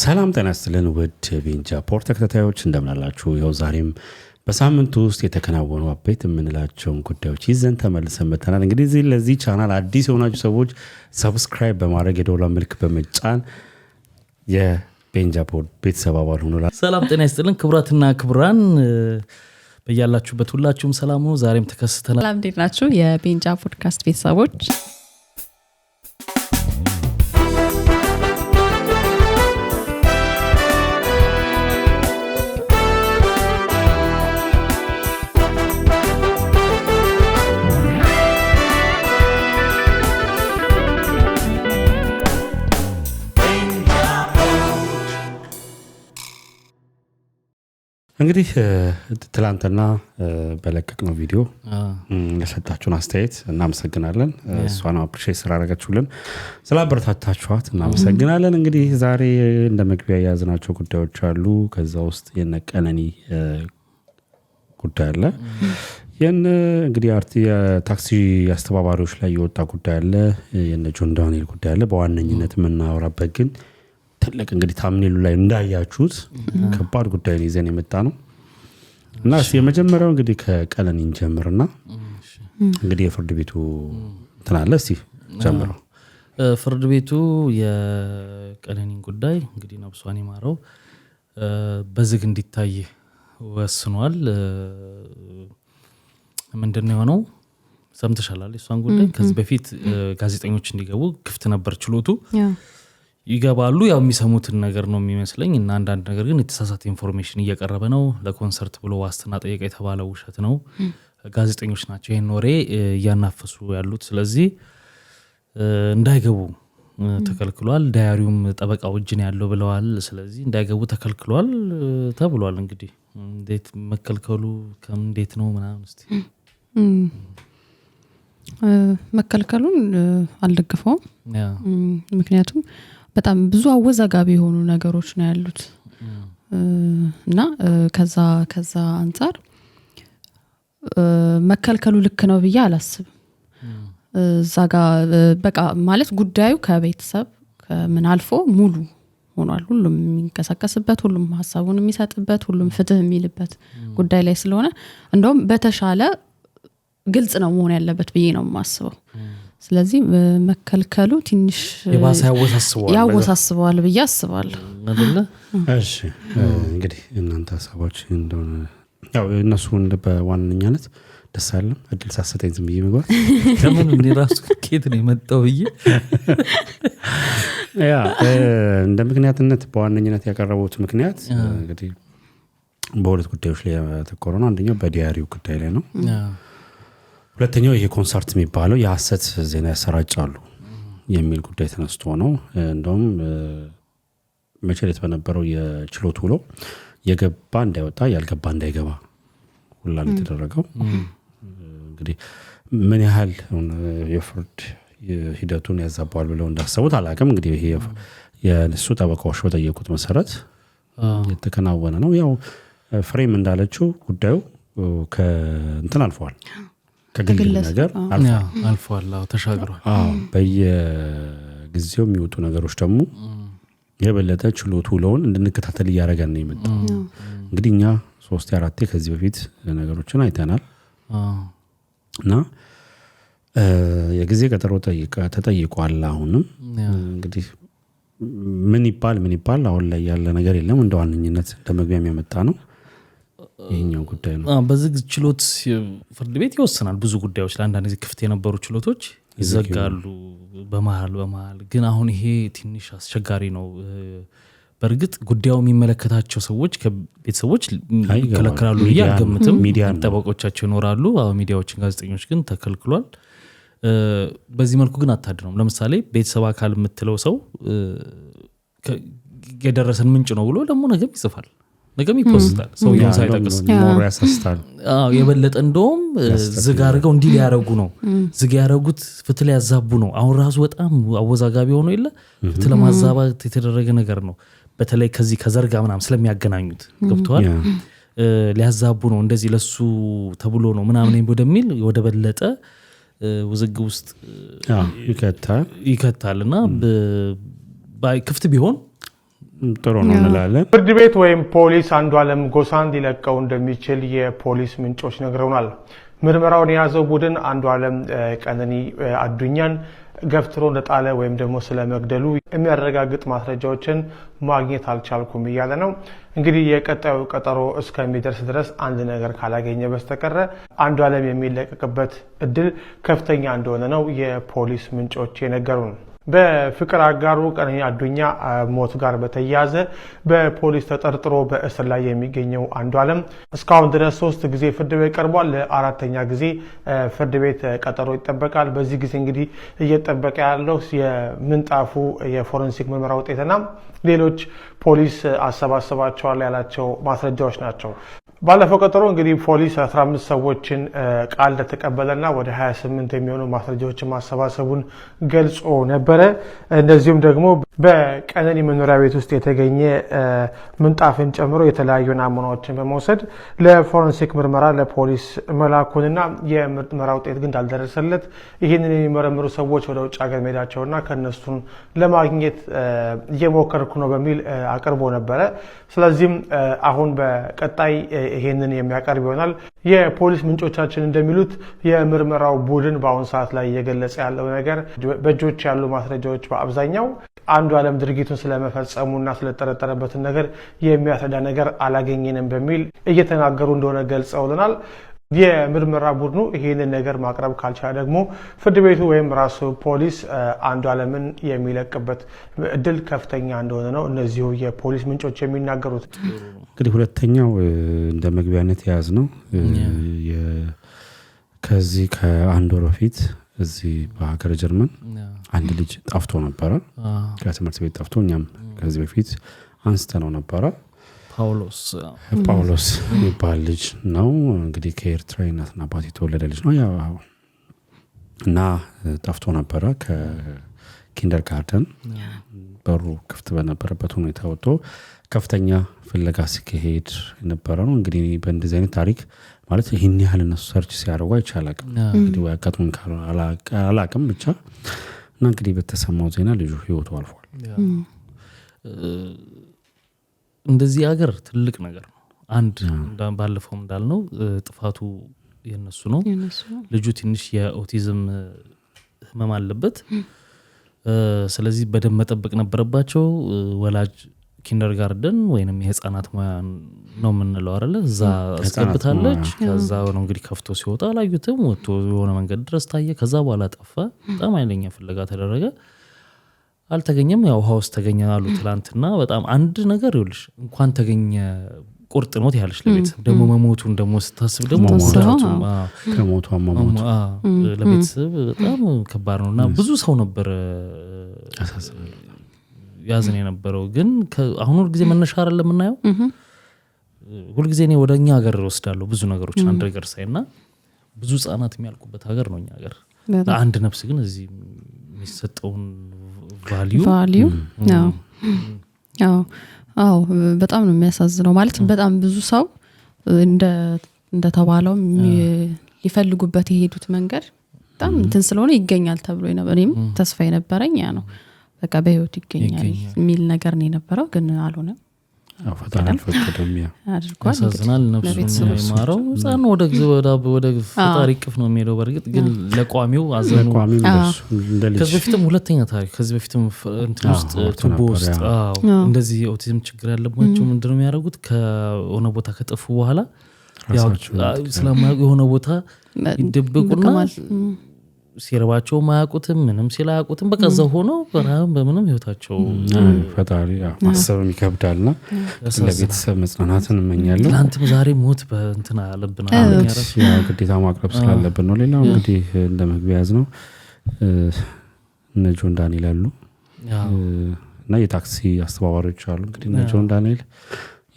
ሰላም ጤና ስትልን ውድ ቤንጃ ፖርት ተከታታዮች እንደምናላችሁ። ይኸው ዛሬም በሳምንቱ ውስጥ የተከናወኑ አበይት የምንላቸውን ጉዳዮች ይዘን ተመልሰን መጥተናል። እንግዲህ ለዚህ ቻናል አዲስ የሆናችሁ ሰዎች ሰብስክራይብ በማድረግ የደወል ምልክት በመጫን የቤንጃ ፖር ቤተሰብ አባል ሆኖላል። ሰላም ጤና ይስጥልን ክቡራትና ክቡራን በያላችሁበት ሁላችሁም ሰላም ነው። ዛሬም ተከስተናል። ሰላም እንዴት ናችሁ የቤንጃ ፖድካስት ቤተሰቦች? እንግዲህ ትላንትና በለቀቅነው ቪዲዮ ለሰጣችሁን አስተያየት እናመሰግናለን። እሷን አፕሪሼት ስላረገችሁልን ስላበረታታችኋት እናመሰግናለን። እንግዲህ ዛሬ እንደ መግቢያ የያዝናቸው ጉዳዮች አሉ። ከዛ ውስጥ የነቀነኒ ጉዳይ አለ። ይህን እንግዲህ ታክሲ አስተባባሪዎች ላይ የወጣ ጉዳይ አለ። የነ ጆን ዳንኤል ጉዳይ አለ። በዋነኝነት የምናወራበት ግን ትልቅ እንግዲህ ታምኔሉ ላይ እንዳያችሁት ከባድ ጉዳይ ይዘን የመጣ ነው እና የመጀመሪያው እንግዲህ ከቀለን እንጀምርና እንግዲህ የፍርድ ቤቱ ትናለ እስቲ ጀምረው ፍርድ ቤቱ የቀለኒን ጉዳይ እንግዲህ ነብሷን የማረው በዝግ እንዲታይ ወስኗል። ምንድን ነው የሆነው? ሰምትሻላል እሷን ጉዳይ። ከዚህ በፊት ጋዜጠኞች እንዲገቡ ክፍት ነበር ችሎቱ። ይገባሉ። ያው የሚሰሙትን ነገር ነው የሚመስለኝ እና አንዳንድ ነገር ግን የተሳሳተ ኢንፎርሜሽን እየቀረበ ነው። ለኮንሰርት ብሎ ዋስትና ጠየቀ የተባለ ውሸት ነው። ጋዜጠኞች ናቸው ይህን ወሬ እያናፈሱ ያሉት። ስለዚህ እንዳይገቡ ተከልክሏል። ዳያሪውም ጠበቃው እጅን ያለው ብለዋል። ስለዚህ እንዳይገቡ ተከልክሏል ተብሏል። እንግዲህ እንዴት መከልከሉ እንዴት ነው ምናምን እስኪ መከልከሉን አልደግፈውም። ምክንያቱም በጣም ብዙ አወዛጋቢ የሆኑ ነገሮች ነው ያሉት እና ከዛ ከዛ አንጻር መከልከሉ ልክ ነው ብዬ አላስብም። እዛ ጋ በቃ ማለት ጉዳዩ ከቤተሰብ ከምን አልፎ ሙሉ ሆኗል። ሁሉም የሚንቀሳቀስበት፣ ሁሉም ሀሳቡን የሚሰጥበት፣ ሁሉም ፍትህ የሚልበት ጉዳይ ላይ ስለሆነ እንደውም በተሻለ ግልጽ ነው መሆን ያለበት ብዬ ነው የማስበው። ስለዚህ መከልከሉ ትንሽ ያወሳስበዋል ብዬ አስባለሁ። እሺ እንግዲህ እናንተ ሀሳቦች እንደሆነ ያው እነሱ በዋነኛነት ደስ አለም እድል ሳሰጠኝ ዝም ብዬ መግባት ለምን ራሱ ኬት ነው የመጣው ብዬ ያ እንደ ምክንያትነት በዋነኝነት ያቀረቡት ምክንያት እንግዲህ በሁለት ጉዳዮች ላይ ያተኮረ ነው። አንደኛው በዲያሪው ጉዳይ ላይ ነው። ሁለተኛው ይሄ ኮንሰርት የሚባለው የሀሰት ዜና ያሰራጫሉ የሚል ጉዳይ ተነስቶ ነው። እንደውም መቼሌት በነበረው የችሎት ውሎ የገባ እንዳይወጣ ያልገባ እንዳይገባ ሁላ የተደረገው። እንግዲህ ምን ያህል የፍርድ ሂደቱን ያዛበዋል ብለው እንዳሰቡት አላቅም እንግዲህ የንሱ ጠበቃዎች በጠየቁት መሰረት የተከናወነ ነው። ያው ፍሬም እንዳለችው ጉዳዩ ከእንትን አልፈዋል ከግል ነገር አልፏል፣ ተሻግሯል። በየጊዜው የሚወጡ ነገሮች ደግሞ የበለጠ ችሎቱ ውለውን እንድንከታተል እያደረገን ነው የመጣው። እንግዲህ እኛ ሶስት አራቴ ከዚህ በፊት ነገሮችን አይተናል እና የጊዜ ቀጠሮ ተጠይቋል። አሁንም እንግዲህ ምን ይባል ምን ይባል አሁን ላይ ያለ ነገር የለም። እንደ ዋነኝነት ለመግቢያ የሚያመጣ ነው ይህኛው ጉዳይ ነው። በዝግ ችሎት ፍርድ ቤት ይወስናል ብዙ ጉዳዮች። ለአንዳንድ ጊዜ ክፍት የነበሩ ችሎቶች ይዘጋሉ በመሃል በመሃል ግን አሁን ይሄ ትንሽ አስቸጋሪ ነው። በእርግጥ ጉዳዩ የሚመለከታቸው ሰዎች ቤተሰቦች ይከለከላሉ ብዬ አልገምትም። ጠበቆቻቸው ይኖራሉ። ሚዲያዎችን፣ ጋዜጠኞች ግን ተከልክሏል። በዚህ መልኩ ግን አታድነውም። ለምሳሌ ቤተሰብ አካል የምትለው ሰው የደረሰን ምንጭ ነው ብሎ ደግሞ ነገም ይጽፋል። ነገም ይፖስታል ሰውየውን ሳይጠቅስ ያሳስታል የበለጠ እንደውም ዝግ አድርገው እንዲህ ሊያረጉ ነው ዝግ ያደረጉት ፍትል ያዛቡ ነው አሁን ራሱ በጣም አወዛጋቢ ሆኖ የለ ፍት ለማዛባት የተደረገ ነገር ነው በተለይ ከዚህ ከዘርጋ ምናም ስለሚያገናኙት ገብተዋል ሊያዛቡ ነው እንደዚህ ለሱ ተብሎ ነው ምናምን ወደሚል ወደ በለጠ ውዝግ ውስጥ ይከታል እና ክፍት ቢሆን ጥሩ ነው እንላለን። ፍርድ ቤት ወይም ፖሊስ አለም ጎሳን ሊለቀው እንደሚችል የፖሊስ ምንጮች ነግረውናል። ምርመራውን የያዘው ቡድን አለም ቀነኒ አዱኛን ገፍትሮ እንደጣለ ወይም ደግሞ ስለ መግደሉ የሚያረጋግጥ ማስረጃዎችን ማግኘት አልቻልኩም እያለ ነው። እንግዲህ የቀጣዩ ቀጠሮ እስከሚደርስ ድረስ አንድ ነገር ካላገኘ በስተቀረ አለም የሚለቀቅበት እድል ከፍተኛ እንደሆነ ነው የፖሊስ ምንጮች የነገሩን። በፍቅር አጋሩ ቀነኒ አዱኛ ሞት ጋር በተያያዘ በፖሊስ ተጠርጥሮ በእስር ላይ የሚገኘው አንዷለም እስካሁን ድረስ ሶስት ጊዜ ፍርድ ቤት ቀርቧል። ለአራተኛ ጊዜ ፍርድ ቤት ቀጠሮ ይጠበቃል። በዚህ ጊዜ እንግዲህ እየጠበቀ ያለው የምንጣፉ የፎረንሲክ ምርመራ ውጤትና ሌሎች ፖሊስ አሰባስባቸዋል ያላቸው ማስረጃዎች ናቸው። ባለፈው ቀጠሮ እንግዲህ ፖሊስ 15 ሰዎችን ቃል እንደተቀበለና ወደ 28 የሚሆኑ ማስረጃዎችን ማሰባሰቡን ገልጾ ነበረ። እንደዚሁም ደግሞ በቀነኒ መኖሪያ ቤት ውስጥ የተገኘ ምንጣፍን ጨምሮ የተለያዩ ናሙናዎችን በመውሰድ ለፎረንሲክ ምርመራ ለፖሊስ መላኩንና የምርመራ ውጤት ግን እንዳልደረሰለት ይህንን የሚመረምሩ ሰዎች ወደ ውጭ ሀገር መሄዳቸውና ከእነሱን ለማግኘት እየሞከርኩ ነው በሚል አቅርቦ ነበረ። ስለዚህም አሁን በቀጣይ ይሄንን የሚያቀርብ ይሆናል። የፖሊስ ምንጮቻችን እንደሚሉት የምርመራው ቡድን በአሁኑ ሰዓት ላይ እየገለጸ ያለው ነገር በእጆች ያሉ ማስረጃዎች በአብዛኛው አንዱ አለም ድርጊቱን ስለመፈጸሙና ስለጠረጠረበትን ነገር የሚያስረዳ ነገር አላገኘንም በሚል እየተናገሩ እንደሆነ ገልጸውልናል። የምርመራ ቡድኑ ይህንን ነገር ማቅረብ ካልቻለ ደግሞ ፍርድ ቤቱ ወይም ራሱ ፖሊስ አንዱ አለምን የሚለቅበት እድል ከፍተኛ እንደሆነ ነው እነዚሁ የፖሊስ ምንጮች የሚናገሩት። እንግዲህ ሁለተኛው እንደ መግቢያነት የያዝ ነው ከዚህ ከአንድ ወር በፊት እዚህ በሀገር ጀርመን አንድ ልጅ ጠፍቶ ነበረ፣ ከትምህርት ቤት ጠፍቶ እኛም ከዚህ በፊት አንስተ ነው ነበረ ጳውሎስ ጳውሎስ የሚባል ልጅ ነው እንግዲህ ከኤርትራ እናትና አባት የተወለደ ልጅ ነው። እና ጠፍቶ ነበረ ከኪንደር ጋርደን በሩ ክፍት በነበረበት ሁኔታ ወጥቶ ከፍተኛ ፍለጋ ሲካሄድ የነበረ ነው። እንግዲህ በእንደዚህ አይነት ታሪክ ማለት ይህን ያህል እነሱ ሰርች ሲያደርጉ አይቻላቅም እንግዲህ ወይ አላቅም ብቻ እና እንግዲህ በተሰማው ዜና ልጁ ህይወቱ አልፏል። እንደዚህ ሀገር ትልቅ ነገር ነው። አንድ ባለፈው እንዳልነው ጥፋቱ የነሱ ነው። ልጁ ትንሽ የኦቲዝም ህመም አለበት። ስለዚህ በደንብ መጠበቅ ነበረባቸው። ወላጅ ኪንደር ጋርደን ወይም የህፃናት ሙያ ነው የምንለው አለ እዛ አስገብታለች። ከዛ ነው እንግዲህ ከፍቶ ሲወጣ አላዩትም። ወጥቶ የሆነ መንገድ ድረስ ታየ። ከዛ በኋላ ጠፋ። በጣም አይለኛ ፍለጋ ተደረገ። አልተገኘም። ያው ውሃ ውስጥ ተገኘ አሉ ትላንትና። በጣም አንድ ነገር ይኸውልሽ፣ እንኳን ተገኘ ቁርጥ ሞት ያለች ለቤተሰብ ደግሞ መሞቱን ደግሞ ስታስብ ደግሞ ለቤተሰብ በጣም ከባድ ነው እና ብዙ ሰው ነበረ ያዝን የነበረው ግን አሁን ሁልጊዜ መነሻ አለ የምናየው ሁልጊዜ እኔ ወደ እኛ ሀገር ወስዳለሁ ብዙ ነገሮች አንድ ነገር ሳይ እና ብዙ ህጻናት የሚያልቁበት ሀገር ነው እኛ ሀገር። አንድ ነፍስ ግን እዚህ የሚሰጠውን ቫሊዩ ቫሊዩ ያው አዎ በጣም ነው የሚያሳዝነው ማለት በጣም ብዙ ሰው እንደተባለው ሊፈልጉበት የሄዱት መንገድ በጣም እንትን ስለሆነ ይገኛል ተብሎ እኔም ተስፋ የነበረኝ ያ ነው በቃ በህይወት ይገኛል የሚል ነገር ነው የነበረው ግን አልሆነም ፈጣን አልፈቀደም ያሳዝናል። ነፍሱን የማረው ህፃን ወደ ወደ ፈጣሪ ቅፍ ነው የሚሄደው። በእርግጥ ግን ለቋሚው አዘኑ። ከዚህ በፊትም ሁለተኛ ታሪክ ከዚህ በፊትም እንትን ውስጥ ቱቦ ውስጥ እንደዚህ ኦቲዝም ችግር ያለባቸው ነው የሚያደርጉት ከሆነ ቦታ ከጠፉ በኋላ ስለማያውቁ የሆነ ቦታ ይደበቁና ሲርባቸው ማያውቁትም ምንም ሲላያውቁትም በቃ ሆነው ሆኖ በረሃብም በምንም ህይወታቸው ፈጣሪ ማሰብም ይከብዳልና ለቤተሰብ መጽናናትን እመኛለሁ። ዛሬ ሞት በእንትን አለብናል ግዴታ ማቅረብ ስላለብን ነው። ሌላው እንግዲህ እንደ መግቢያ ያዝ ነው እነ ጆን ዳንኤል አሉ እና የታክሲ አስተባባሪዎች አሉ። እንግዲህ እነ ጆን ዳንኤል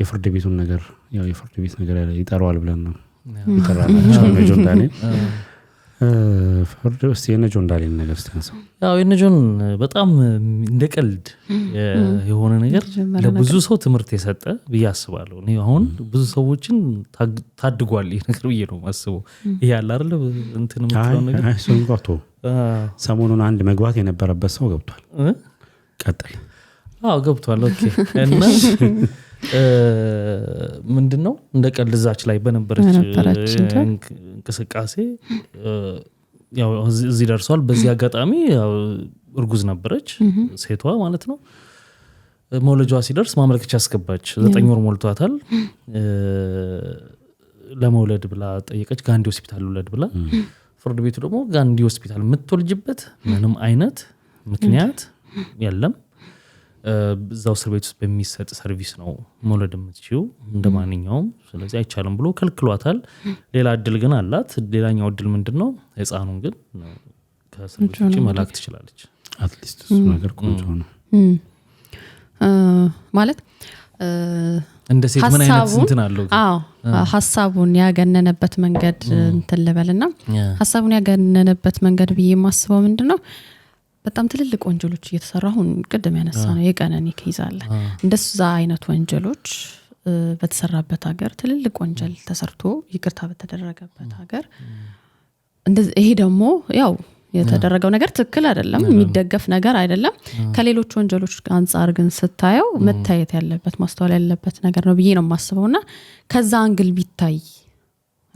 የፍርድ ቤቱን ነገር ያው የፍርድ ቤት ነገር ይጠራዋል ብለን ነው ይጠራላቸው እነ ጆን ዳንኤል ፍርድ ውስጥ የነጆ እንዳሌል ነገር ስታንሰው ያው የነጆን በጣም እንደ ቀልድ የሆነ ነገር ለብዙ ሰው ትምህርት የሰጠ ብዬ አስባለሁ። አሁን ብዙ ሰዎችን ታድጓል ይህ ነገር ብዬ ነው ማስበው። ይህ ያለ አለ እንትን የምትለው ነገር ሰሞኑን አንድ መግባት የነበረበት ሰው ገብቷል። ቀጥል። አዎ ገብቷል። ኦኬ እና ምንድን ነው እንደ ቀልድ እዛች ላይ በነበረች እንቅስቃሴ እዚህ ደርሷል። በዚህ አጋጣሚ እርጉዝ ነበረች ሴቷ ማለት ነው። መውለጇ ሲደርስ ማመልከቻ አስገባች። ዘጠኝ ወር ሞልቷታል። ለመውለድ ብላ ጠየቀች። ጋንዲ ሆስፒታል ልውለድ ብላ ፍርድ ቤቱ ደግሞ ጋንዲ ሆስፒታል የምትወልጅበት ምንም አይነት ምክንያት የለም እዛው እስር ቤት ውስጥ በሚሰጥ ሰርቪስ ነው መውለድ የምትችው እንደ ማንኛውም። ስለዚህ አይቻልም ብሎ ከልክሏታል። ሌላ እድል ግን አላት። ሌላኛው እድል ምንድን ነው? ህፃኑን ግን ከእስር ቤት ውጭ መላክ ትችላለች። አትሊስት እሱ ነገር ቆንጆ ነው ማለት እንደ ሴት ምን አይነት እንትን አለው? ሀሳቡን ያገነነበት መንገድ እንትን ልበልና ሀሳቡን ያገነነበት መንገድ ብዬ የማስበው ምንድን ነው በጣም ትልልቅ ወንጀሎች እየተሰራ አሁን ቅድም ያነሳ ነው የቀነኒ ኬዝ አለ። እንደዛ አይነት ወንጀሎች በተሰራበት ሀገር ትልልቅ ወንጀል ተሰርቶ ይቅርታ በተደረገበት ሀገር ይሄ ደግሞ ያው የተደረገው ነገር ትክክል አይደለም፣ የሚደገፍ ነገር አይደለም። ከሌሎች ወንጀሎች አንጻር ግን ስታየው መታየት ያለበት ማስተዋል ያለበት ነገር ነው ብዬ ነው የማስበው እና ከዛ አንግል ቢታይ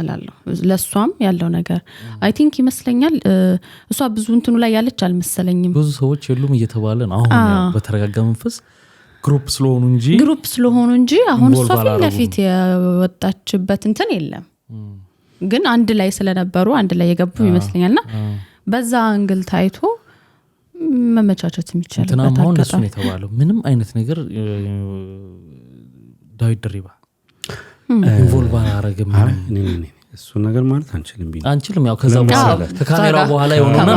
እላለሁ። ለእሷም ያለው ነገር አይ ቲንክ ይመስለኛል እሷ ብዙ እንትኑ ላይ ያለች አልመሰለኝም። ብዙ ሰዎች የሉም እየተባለ ነው አሁን በተረጋጋ መንፈስ ግሩፕ ስለሆኑ እንጂ ግሩፕ ስለሆኑ እንጂ አሁን እሷ ፊት ለፊት የወጣችበት እንትን የለም። ግን አንድ ላይ ስለነበሩ አንድ ላይ የገቡ ይመስለኛል ና በዛ እንግል ታይቶ መመቻቸት የሚቻልበት አሁን የተባለው ምንም አይነት ነገር ዳዊት ድሪባ ኢንቮልቭ አላረግም እሱን ነገር ማለት አንችልም አንችልም። ያው ከዛ ከካሜራ በኋላ የሆነና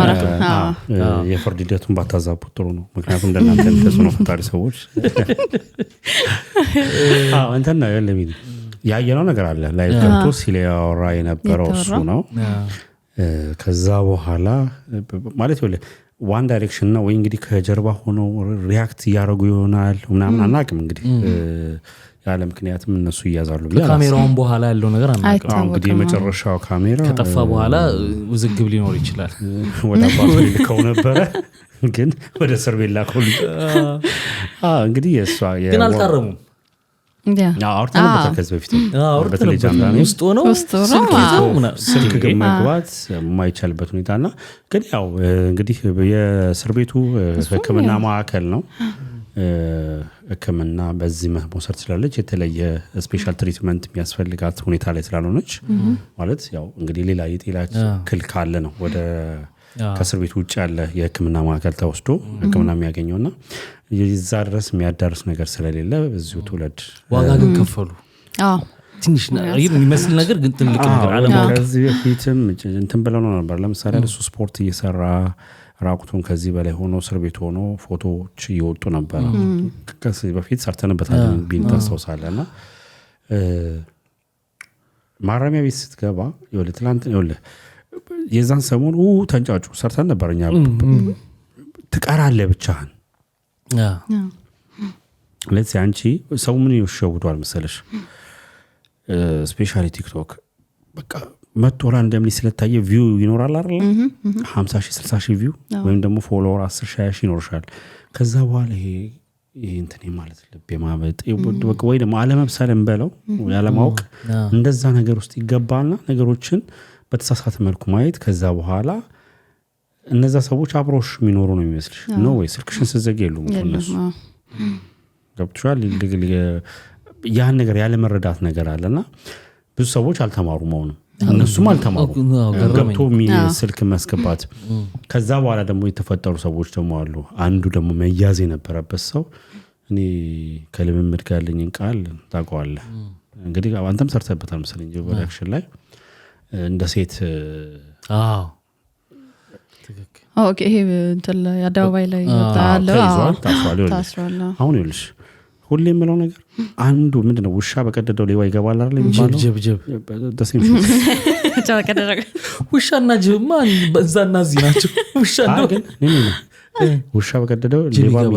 የፍርድ ሂደቱን ባታዛቡት ጥሩ ነው። ምክንያቱም እንደናንተ ተጽዕኖ ፈጣሪ ሰዎች እንትን ነው ለሚል ያየነው ነገር አለ ላይ ገብቶ ሲሊያወራ የነበረው እሱ ነው። ከዛ በኋላ ማለት ይኸውልህ ዋን ዳይሬክሽን ነው ወይ እንግዲህ ከጀርባ ሆኖ ሪያክት እያደረጉ ይሆናል ምናምን አናቅም። እንግዲህ ያለ ምክንያትም እነሱ እያዛሉ ካሜራውን በኋላ ያለው ነገር እንግዲህ የመጨረሻው ካሜራ ከጠፋ በኋላ ውዝግብ ሊኖር ይችላል። ወደ አባቱ ልከው ነበረ ግን ወደ እስር ቤት እንግዲህ ግን አልታረሙም አውርተ ስልክ ግን መግባት የማይቻልበት ሁኔታ ግን ያው እንግዲህ የእስር ቤቱ ህክምና ማዕከል ነው። ሕክምና በዚህ መውሰድ ስላለች የተለየ ስፔሻል ትሪትመንት የሚያስፈልጋት ሁኔታ ላይ ስላልሆነች ማለት ያው እንግዲህ ሌላ ካለ ነው ወደ ከእስር ቤት ውጭ ያለ የህክምና ማዕከል ተወስዶ ህክምና የሚያገኘው እና ይዛ ድረስ የሚያዳርስ ነገር ስለሌለ በዚሁ ትውለድ። ዋጋ ግን ከፈሉ ትንሽ የሚመስል ነገር ግን ትልቅ ነገር በፊትም እንትን ብለው ነው ነበር። ለምሳሌ እሱ ስፖርት እየሰራ ራቁቱን ከዚህ በላይ ሆኖ እስር ቤት ሆኖ ፎቶዎች እየወጡ ነበረ። ከዚህ በፊት ሰርተንበታል ቢን ታስታውሳለ እና ማረሚያ ቤት ስትገባ ትላንት የዛን ሰሞን ተንጫጩ ሰርተን ነበረኛ ትቀራለህ ብቻህን። ለዚ አንቺ ሰው ምን ይሸውዷል መሰለሽ፣ ስፔሻሊ ቲክቶክ በቃ መቶ ላይ እንደምን ስለታየ ቪው ይኖራል አለ ሀምሳ ሺ ስልሳ ሺ ቪው ወይም ደግሞ ፎሎወር አስር ሺህ ሺህ ይኖርሻል። ከዛ በኋላ ይሄ ይህ ማለት ልብ የማበጥ ወይ ደግሞ አለመብሰልን በለው ያለማወቅ እንደዛ ነገር ውስጥ ይገባልና ነገሮችን በተሳሳተ መልኩ ማየት ከዛ በኋላ እነዛ ሰዎች አብሮሽ የሚኖሩ ነው የሚመስልሽ። ኖ ወይ ስልክሽን ስዘግ የሉ እነሱ ገብቶሻል። ያን ነገር ያለመረዳት ነገር አለና ብዙ ሰዎች አልተማሩ አሁንም እነሱም አልተማሩም ገብቶ ስልክ መስገባት ከዛ በኋላ ደግሞ የተፈጠሩ ሰዎች ደግሞ አሉ። አንዱ ደግሞ መያዝ የነበረበት ሰው እኔ ከልምምድ ጋር ያለኝን ቃል ታውቀዋለህ እንግዲህ አንተም ሰርተበታል መሰለኝ ሪክሽን ላይ እንደ ሴት አደባባይ ላይ አሁን ይልሽ ሁሌ የምለው ነገር አንዱ ምንድነው ውሻ በቀደደው ሌባ ይገባል አለ ውሻና ጅብማ እዛና እዚህ ናቸው ውሻ በቀደደው ሌባም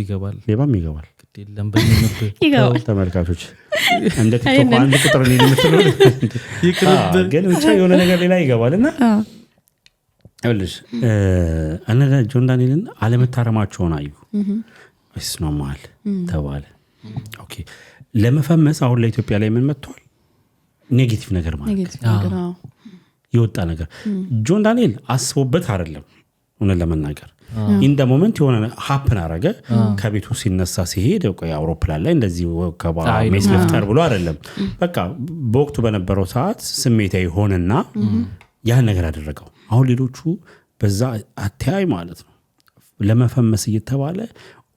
ይገባል ሌባም ይገባል የለም ተመልካቾች እንደ ቲክቶክ አንድ ቁጥር የምትለው ግን ብቻ የሆነ ነገር ሌላ ይገባል እና ልሽ እነ ጆን ዳንኤልን አለመታረማቸውን አዩ ይስማማል ተባለ ለመፈመስ አሁን ለኢትዮጵያ ላይ ምን መጥቷል ኔጌቲቭ ነገር ማለት የወጣ ነገር ጆን ዳንኤል አስቦበት አይደለም እውነት ለመናገር ኢንደ ሞመንት የሆነ ሀፕን አረገ። ከቤቱ ሲነሳ ሲሄድ አውሮፕላን ላይ እንደዚህ ከሜስ መፍጠር ብሎ አይደለም። በቃ በወቅቱ በነበረው ሰዓት ስሜታ ሆነና ያን ነገር አደረገው። አሁን ሌሎቹ በዛ አተያይ ማለት ነው ለመፈመስ እየተባለ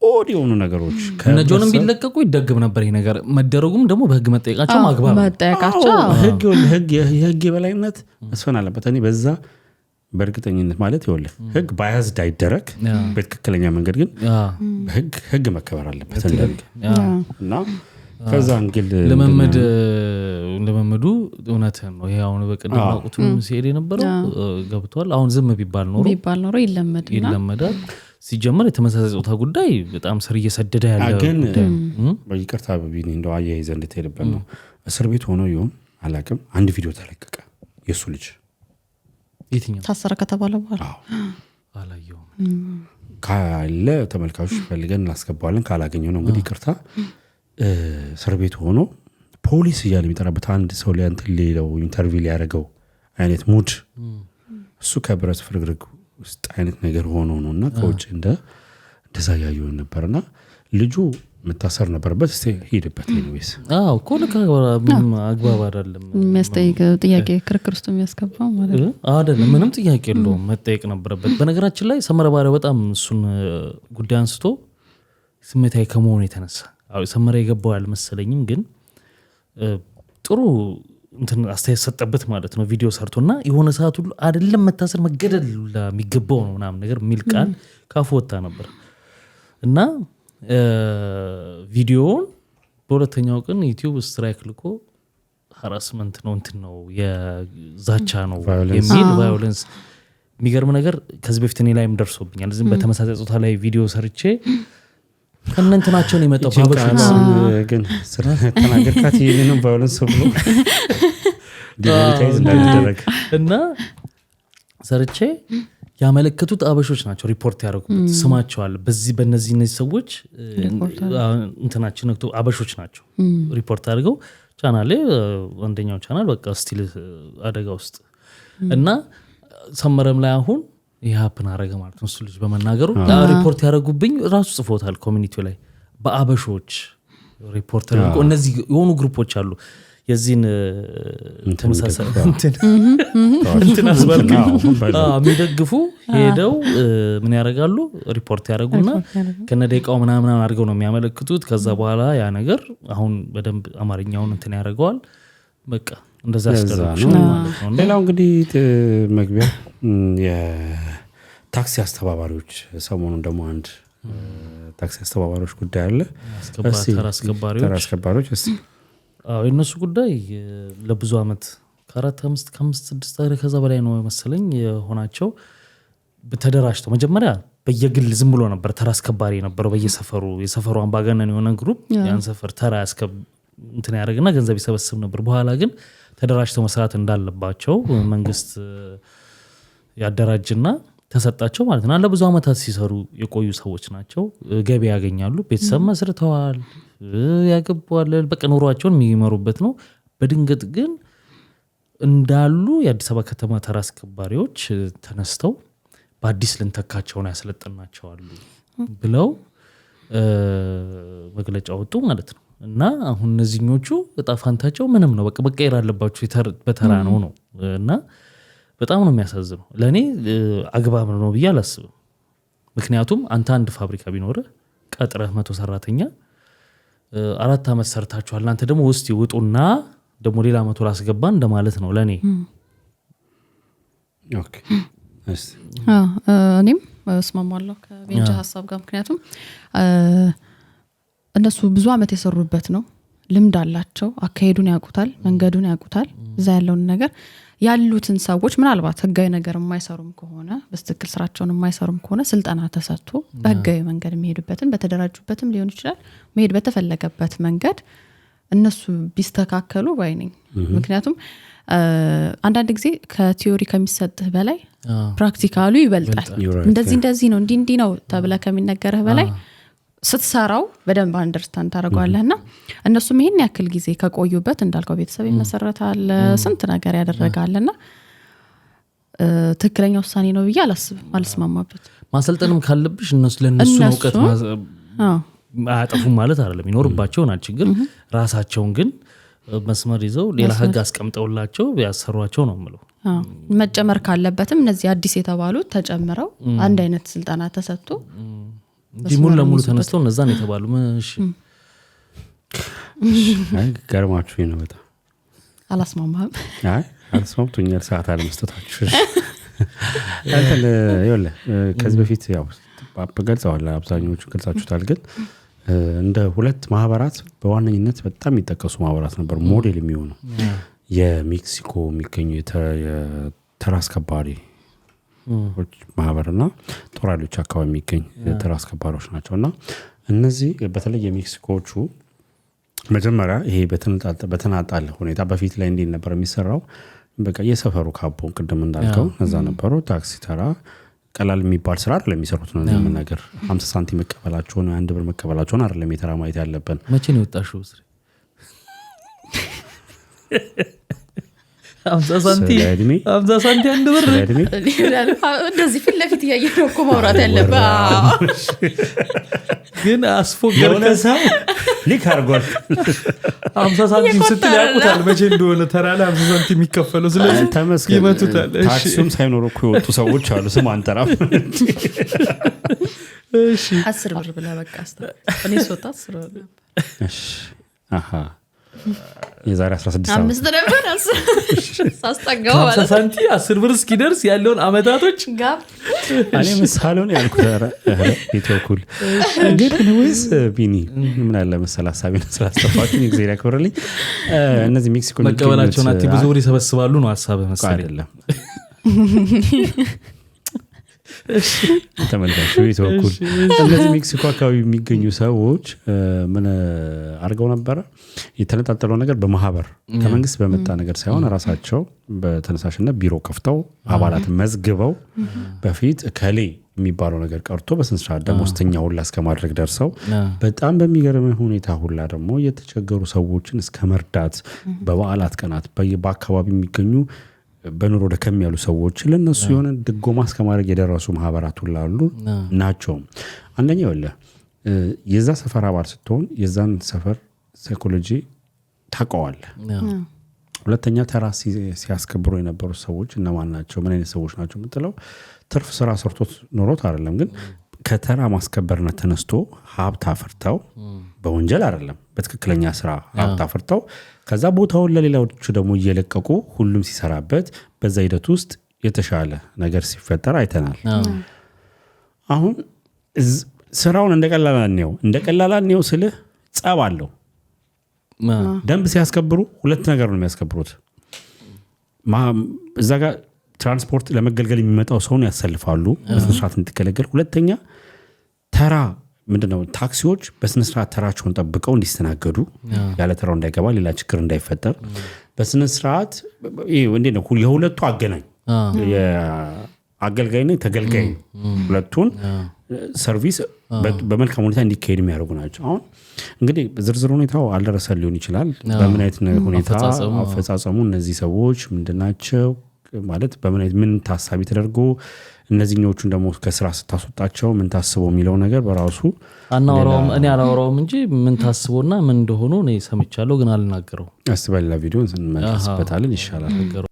ኦድ የሆኑ ነገሮች እነጆንም ቢለቀቁ ይደግም ነበር። ይህ ነገር መደረጉም ደግሞ በህግ መጠየቃቸው ማግባብ መጠየቃቸው ህግ የበላይነት መስፈን አለበት። እኔ በዛ በእርግጠኝነት ማለት ይኸውልህ ህግ ባያዝድ አይደረግ በትክክለኛ መንገድ ግን ህግ ህግ መከበር አለበት እና ከዛ እንግል ልመመድ ልመመዱ ነው። ይሄ አሁን በቅድም ቁቱ ሲሄድ የነበረው ገብቷል። አሁን ዝም ቢባል ኖሮ ቢባል ኖሮ ይለመዳል። ሲጀመር የተመሳሳይ ፆታ ጉዳይ በጣም ስር እየሰደደ ያለ በይቅርታ ይቅርታ ብቢኒ አያይዘ እንድትሄድበት ነው። እስር ቤት ሆኖ ይሁን አላቅም። አንድ ቪዲዮ ተለቀቀ የእሱ ልጅ የትኛው ታሰረ ከተባለ በኋላ ካለ ተመልካቾች ፈልገን እናስገባዋለን። ካላገኘው ነው እንግዲህ ቅርታ እስር ቤቱ ሆኖ ፖሊስ እያለ የሚጠራበት አንድ ሰው ሊያንት ሌለው ኢንተርቪ ሊያደረገው አይነት ሙድ እሱ ከብረት ፍርግርግ ውስጥ አይነት ነገር ሆኖ ነው እና ከውጭ እንደዛ ነበር ነበርና ልጁ መታሰር ነበረበት። ስ ሄድበት ኒዌስ እኮ ልክ አግባብ አይደለም። የሚያስጠይቅ ጥያቄ ክርክር ውስጥ ምንም ጥያቄ የለውም፣ መጠየቅ ነበረበት። በነገራችን ላይ ሰመረ ባሪ በጣም እሱን ጉዳይ አንስቶ ስሜታዊ ከመሆኑ የተነሳ ሰመረ የገባው አልመሰለኝም፣ ግን ጥሩ እንትን አስተያየት ሰጠበት ማለት ነው። ቪዲዮ ሰርቶና የሆነ ሰዓት ሁሉ አይደለም መታሰር መገደል የሚገባው ነው ምናምን ነገር የሚል ቃል ካፉ ወጣ ነበር እና ቪዲዮውን በሁለተኛው ቀን ዩቲዩብ ስትራይክ ልኮ ሀራስመንት ነው እንትን ነው የዛቻ ነው የሚል ቫዮለንስ። የሚገርም ነገር ከዚህ በፊት እኔ ላይም ደርሶብኛል። ዝም በተመሳሳይ ፆታ ላይ ቪዲዮ ሰርቼ ከእነንትናቸውን የመጣው ግን ስለተናገርካት ይህንንም ቫዮለንስ ብሎ እና ሰርቼ ያመለከቱት አበሾች ናቸው። ሪፖርት ያደረጉበት ስማቸዋል። በዚህ በነዚህ እነዚህ ሰዎች እንትናችን አበሾች ናቸው ሪፖርት አድርገው ቻናል አንደኛው ቻናል በቃ ስቲል አደጋ ውስጥ እና ሰመረም ላይ አሁን ይህ አረገ ማለት ነው። ልጅ በመናገሩ ሪፖርት ያደረጉብኝ ራሱ ጽፎታል ኮሚኒቲ ላይ በአበሾች ሪፖርት እነዚህ የሆኑ ግሩፖች አሉ የዚህን ተመሳሳይ የሚደግፉ ሄደው ምን ያደረጋሉ ሪፖርት ያደርጉና ከነደቂቃው ምናምን አድርገው ነው የሚያመለክቱት። ከዛ በኋላ ያ ነገር አሁን በደንብ አማርኛውን እንትን ያደርገዋል። በቃ እንደዛ ያስደረጉ። ሌላው እንግዲህ መግቢያ የታክሲ አስተባባሪዎች ሰሞኑን ደግሞ አንድ ታክሲ አስተባባሪዎች ጉዳይ አለ። አስከባሪዎች የእነሱ ጉዳይ ለብዙ አመት ከአራት አምስት ከአምስት ስድስት ከዛ በላይ ነው መሰለኝ የሆናቸው። ተደራጅተው መጀመሪያ በየግል ዝም ብሎ ነበር ተራ አስከባሪ የነበረው በየሰፈሩ የሰፈሩ አምባገነን የሆነ ግሩፕ ያን ሰፈር ተራ እንትን ያደረግና ገንዘብ ይሰበስብ ነበር። በኋላ ግን ተደራጅተው መስራት እንዳለባቸው መንግስት ያደራጅና ተሰጣቸው ማለት ነው። ለብዙ ዓመታት ሲሰሩ የቆዩ ሰዎች ናቸው። ገቢ ያገኛሉ። ቤተሰብ መስርተዋል፣ ያገቧል። በቃ ኑሯቸውን የሚመሩበት ነው። በድንገት ግን እንዳሉ የአዲስ አበባ ከተማ ተራ አስከባሪዎች ተነስተው በአዲስ ልንተካቸውን ያስለጥናቸዋሉ ብለው መግለጫ ወጡ ማለት ነው። እና አሁን እነዚህኞቹ እጣ ፋንታቸው ምንም ነው። በቃ መቀየር በተራ ነው ነው እና በጣም ነው የሚያሳዝነው። ለእኔ አግባብ ነው ብዬ አላስብም። ምክንያቱም አንተ አንድ ፋብሪካ ቢኖር ቀጥረህ መቶ ሰራተኛ አራት ዓመት ሰርታችኋል እናንተ ደግሞ ውስጥ ይውጡና ደግሞ ሌላ መቶ ላስገባ እንደማለት ነው ለእኔ። እኔም እስማማለሁ ከቤንጃ ሀሳብ ጋር ምክንያቱም እነሱ ብዙ ዓመት የሰሩበት ነው። ልምድ አላቸው። አካሄዱን ያውቁታል፣ መንገዱን ያውቁታል፣ እዛ ያለውን ነገር ያሉትን ሰዎች ምናልባት ህጋዊ ነገር የማይሰሩም ከሆነ በትክክል ስራቸውን የማይሰሩም ከሆነ ስልጠና ተሰጥቶ በህጋዊ መንገድ የሚሄዱበትን በተደራጁበትም ሊሆን ይችላል መሄድ በተፈለገበት መንገድ እነሱ ቢስተካከሉ ባይ ምክንያቱም አንዳንድ ጊዜ ከቲዮሪ ከሚሰጥህ በላይ ፕራክቲካሉ ይበልጣል። እንደዚህ እንደዚህ ነው እንዲህ እንዲህ ነው ተብለ ከሚነገርህ በላይ ስትሰራው በደንብ አንደርስታንድ ታደርገዋለህ እና እነሱም ይሄን ያክል ጊዜ ከቆዩበት እንዳልከው ቤተሰብ ይመሰረታል፣ ስንት ነገር ያደረጋል እና ትክክለኛ ውሳኔ ነው ብዬ አላስብም። አልስማማበት ማሰልጠንም ካለብሽ እነሱ ለእነሱ እውቀት አያጠፉም ማለት አይደለም፣ ይኖርባቸው ናቸው። ግን ራሳቸውን ግን መስመር ይዘው ሌላ ህግ አስቀምጠውላቸው ያሰሯቸው ነው ምለው መጨመር ካለበትም እነዚህ አዲስ የተባሉት ተጨምረው አንድ አይነት ስልጠና ተሰጥቶ እንጂ ሙሉ ለሙሉ ተነስተው ነው የተባሉ ገርማችሁ ነው በጣም አላስማማም። አላስማምቶኛል ሰዓት አለመስጠታችሁ ለ ከዚህ በፊት ያው ገልጸዋል፣ አብዛኛዎቹ ገልጻችሁታል። ግን እንደ ሁለት ማህበራት በዋነኝነት በጣም የሚጠቀሱ ማህበራት ነበር ሞዴል የሚሆኑ የሜክሲኮ የሚገኙ የተራ አስከባሪ ማህበርና ጦር ኃይሎች አካባቢ የሚገኝ ተራ አስከባሪዎች ናቸው እና እነዚህ በተለይ የሜክሲኮዎቹ መጀመሪያ ይሄ በተናጣለ ሁኔታ በፊት ላይ እንዴት ነበር የሚሰራው? በቃ የሰፈሩ ካቦን ቅድም እንዳልከው እዛ ነበሩ። ታክሲ ተራ ቀላል የሚባል ስራ አይደለም የሚሰሩት ነው ምን ነገር ሀምሳ ሳንቲም መቀበላቸውን አንድ ብር መቀበላቸውን አይደለም የተራ ማየት ያለብን። መቼ ነው የወጣሽው? ሀምሳ ሳንቲ አንድ ብር እንደዚህ ፊት ለፊት እያየ ነው እኮ ማውራት ያለብህ። ግን አስፎገርነ ሰው ልክ አርጓል። አምሳ ሳንቲም ስትል ያውቁታል መቼ እንደሆነ ተራ ላይ አምሳ ሳንቲም የሚከፈለው ስለዚህ ይመቱታል። ታክሱም ሳይኖር እኮ የወጡ ሰዎች አሉ። ስም አንጠራም። አስር ብር ብለህ በቃ እኔ ስወጣ አስር ብር የዛሬ 16 አምስት ነበር ሳስጠጋው ማለት ሳንቲ አስር ብር እስኪደርስ ያለውን አመታቶች እኔ ምሳሌውን ያልኩት ኢትዮኩል ግን ወይስ ቢኒ ምን አለ መሰል ሀሳቢ ስላስተፋችን ጊዜ ያክብርልኝ እነዚህ ሜክሲኮ መቀበላቸውን ብዙ ብር ይሰበስባሉ ነው ሀሳብ መሰል አይደለም ተመልካች ቤት በኩል እነዚህ ሜክሲኮ አካባቢ የሚገኙ ሰዎች ምን አድርገው ነበረ? የተነጣጠለው ነገር በማህበር ከመንግስት በመጣ ነገር ሳይሆን ራሳቸው በተነሳሽነት ቢሮ ከፍተው አባላት መዝግበው በፊት ከሌ የሚባለው ነገር ቀርቶ በስንስራ ሰዓት ውስተኛ ሁላ እስከ ማድረግ ደርሰው በጣም በሚገርም ሁኔታ ሁላ ደግሞ የተቸገሩ ሰዎችን እስከ መርዳት በበዓላት ቀናት በአካባቢ የሚገኙ በኑሮ ደከም ያሉ ሰዎች ለነሱ የሆነ ድጎማ እስከማድረግ የደረሱ ማህበራት ላሉ አሉ ናቸውም። አንደኛ ወለ የዛ ሰፈር አባል ስትሆን የዛን ሰፈር ሳይኮሎጂ ታቀዋል። ሁለተኛ ተራ ሲያስከብሩ የነበሩ ሰዎች እነማን ናቸው፣ ምን አይነት ሰዎች ናቸው የምትለው ትርፍ ስራ ሰርቶት ኖሮት አይደለም፣ ግን ከተራ ማስከበርነት ተነስቶ ሀብት አፍርተው በወንጀል አይደለም፣ በትክክለኛ ስራ ሀብት አፍርተው ከዛ ቦታውን ለሌላዎቹ ደግሞ እየለቀቁ ሁሉም ሲሰራበት በዛ ሂደት ውስጥ የተሻለ ነገር ሲፈጠር አይተናል። አሁን ስራውን እንደ ቀላል እንደ ቀላል ስልህ ጸብ አለው። ደንብ ሲያስከብሩ ሁለት ነገር ነው የሚያስከብሩት። እዛ ጋር ትራንስፖርት ለመገልገል የሚመጣው ሰውን ያሰልፋሉ፣ በስነስርዓት እንትገለገል ሁለተኛ ተራ ምንድነው ታክሲዎች በስነስርዓት ተራቸውን ጠብቀው እንዲስተናገዱ ያለ ተራው እንዳይገባ ሌላ ችግር እንዳይፈጠር በስነስርዓት ነው የሁለቱ አገናኝ አገልጋይና ተገልጋይ ሁለቱን ሰርቪስ በመልካም ሁኔታ እንዲካሄድ የሚያደርጉ ናቸው። አሁን እንግዲህ ዝርዝር ሁኔታው አልደረሰ ሊሆን ይችላል። በምን አይነት ሁኔታ አፈጻጸሙ እነዚህ ሰዎች ምንድናቸው ማለት ምን ታሳቢ ተደርጎ እነዚህኞቹን ደግሞ ከስራ ስታስወጣቸው ምን ታስቦ የሚለው ነገር በራሱ አናወራውም። እኔ አላወራውም እንጂ ምን ታስቦና ምን እንደሆኑ እኔ ሰምቻለሁ፣ ግን አልናገረው። እስቲ በሌላ ቪዲዮ እንመለስበታለን ይሻላል።